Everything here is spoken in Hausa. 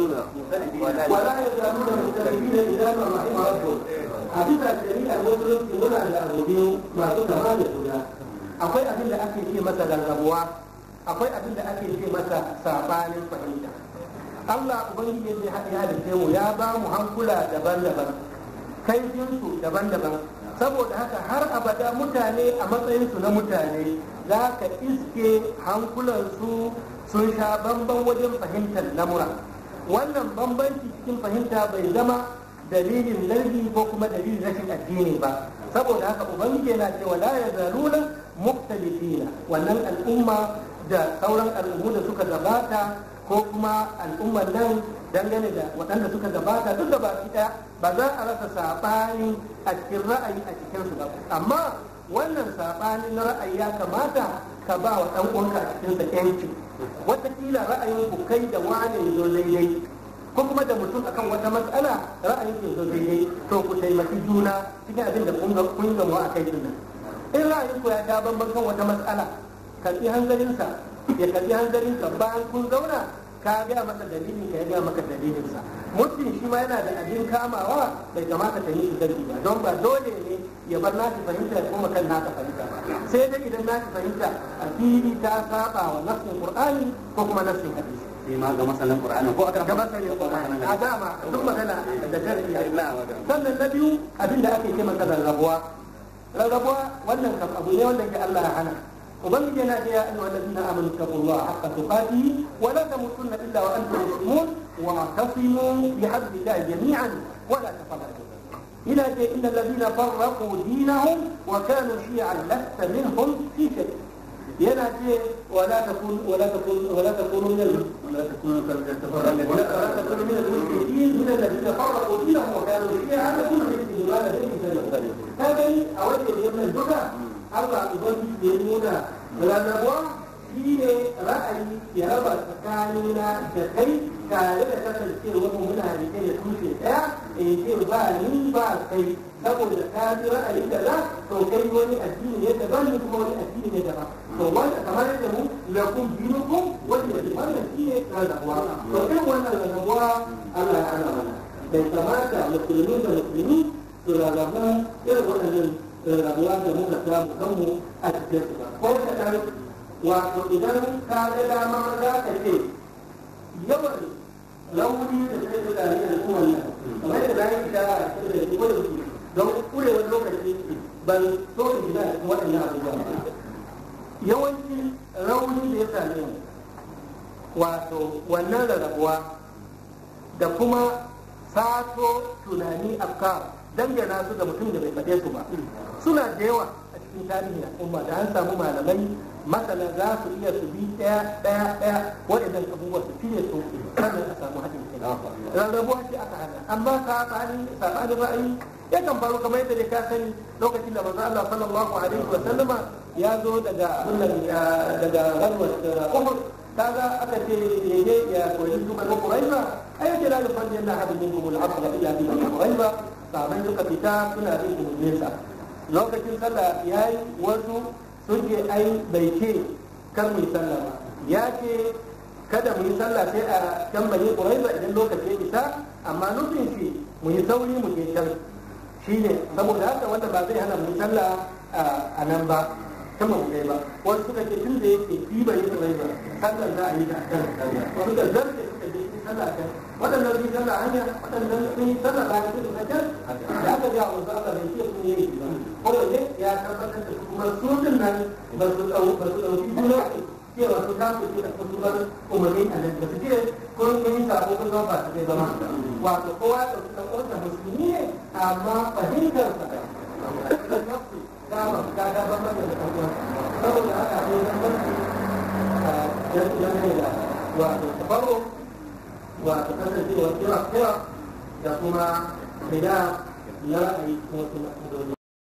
ولا يزالون مختلفين إذا ما رحم ربهم حقيقة جميع المسلم يقول أن الأغلبي ما Akwai abin da ake yi masa مثلا akwai abin da ake yi masa سعبان فهيدا Allah Ubangiji ne haɗe ya halitta mu ya ba mu hankula daban-daban kaifinsu daban-daban saboda haka har abada mutane a matsayinsu na mutane za ka iske hankulansu sun sha bamban wajen fahimtar lamura. wannan bambanci cikin fahimta bai zama dalilin lardi ko kuma dalilin rashin addini ba saboda haka ubangiji yana cewa la yazaluna muktalifina wannan al'umma da sauran al'ummu da suka gabata ko kuma al'ummar nan dangane da waɗanda suka gabata duk da baki ɗaya ba za a rasa saɓani a cikin ra'ayi a cikinsu ba amma wannan saɓani na ra'ayi ya kamata ka ba wa ɗan uwanka a cikin sa yanki wataƙila ra'ayin ku kai da wani zo daidai ko kuma da mutum akan wata matsala ra'ayin ku zo daidai to ku taimaki juna cikin abin da kun ga a kai din in ra'ayin ku ya ta bamban kan wata matsala ka bi sa ya ka bi sa bayan kun zauna ka gaya masa dalilin ka ya gaya maka dalilinsa. sa shi ma yana da abin kamawa bai kamata ka yi shi dalili ba don ba dole ne ya bar nashi fahimta ya kuma kan naka fahimta ba sai dai idan nashi fahimta a fili ta saba wa nassin qur'ani ko kuma nassin hadisi sai ma ga masalan qur'ani ko aka ga masalan qur'ani a dama duk magana da tarbiyya sannan na biyu abinda da ake ce masa rarrabuwa rarrabuwa wannan kam abu ne wanda ke Allah ya hana يا جنا يا ايها الذين امنوا اتقوا الله حق تقاته ولا تموتن الا وانتم مسلمون واعتصموا بحبل الله جميعا ولا تفرقوا إلى إن الذين فرقوا دينهم وكانوا شيعا لست منهم في شيء. ينا ولا تكون ولا تكون ولا تكون من ولا تكون من المسلمين من الذين فرقوا دينهم وكانوا شيعا لست منهم في شيء. هذا أود أن يبنى الزكاة. Allah Ubangiji ya nuna rarrabuwa shi ne ra'ayi ya raba tsakanina da kai tare da kasancewar mu muna da ke da tushe ɗaya in eh, ce ba ni ba kai saboda ka ji ra'ayi da za to kai wani addini ne daban ni kuma wani addini ne da ba to wanda kamar yadda mu kun lakum dinukum wanda ke wannan shi ne rarrabuwa to kai wannan rarrabuwa Allah ya hana mana bai kamata musulmi da musulmi su rarrabu irin waɗannan rabuwan da muka samu kanmu a cikin su ba ko kaɗan wato idan ka ga dama za ka ce yawan launi da sai da zane da su wannan kamar da bayan ta a cikin da shi wani su don kurewar lokaci ban so in gina da waɗannan abubuwa ba yawanci rauni da ya same mu wato wannan rarrabuwa da kuma sato tunani afkar dangana su da mutum da bai faɗe su ba suna da yawa a cikin tarihin al'umma da an samu malamai masana za su iya su bi ɗaya ɗaya ɗaya waɗannan abubuwa su fiye su sannan a samu haɗin kai rarrabuwa ce aka hana amma saɓani saɓani ra'ayi yakan faru kamar yadda ka sani lokacin da manzo Allah sallallahu alaihi wa sallama ya zo daga abin daga garwar Uhud kaga aka ce ne ya koyi duka ko ba ai yake da fadin Allah hadin kuma al-afla illa bi al sahabai suka fita suna bin nesa lokacin sallah ya yi wasu sun ke ai bai ce kar mu yi sallah ba ya ce kada mu yi sallah sai a can bani ƙuraiza idan lokaci ya isa amma nufin shi mu yi sauri mu je can shi ne saboda haka wanda ba zai hana mu yi sallah a nan ba kama mu kai ba wasu suka ce tun da yake yi bani ba sallar za a yi ta a kan sallah wasu da zarce sallah sun hanya sun yi da aka ja wa Allah bai ce sun yi ba ya tabbatar da kuma nan ba su ɗau ba su ɗauki juna su ce a kusa bar umarnin Allah ba su ce ko sabo ko ba su zama wato kowa da su ɗauko ta musulmi ne amma fahimtar sa da nafsu da saboda haka zan eh, su da wato tabarro wato kasancewar kira kira da kuma khilaf na ra'ayi kuma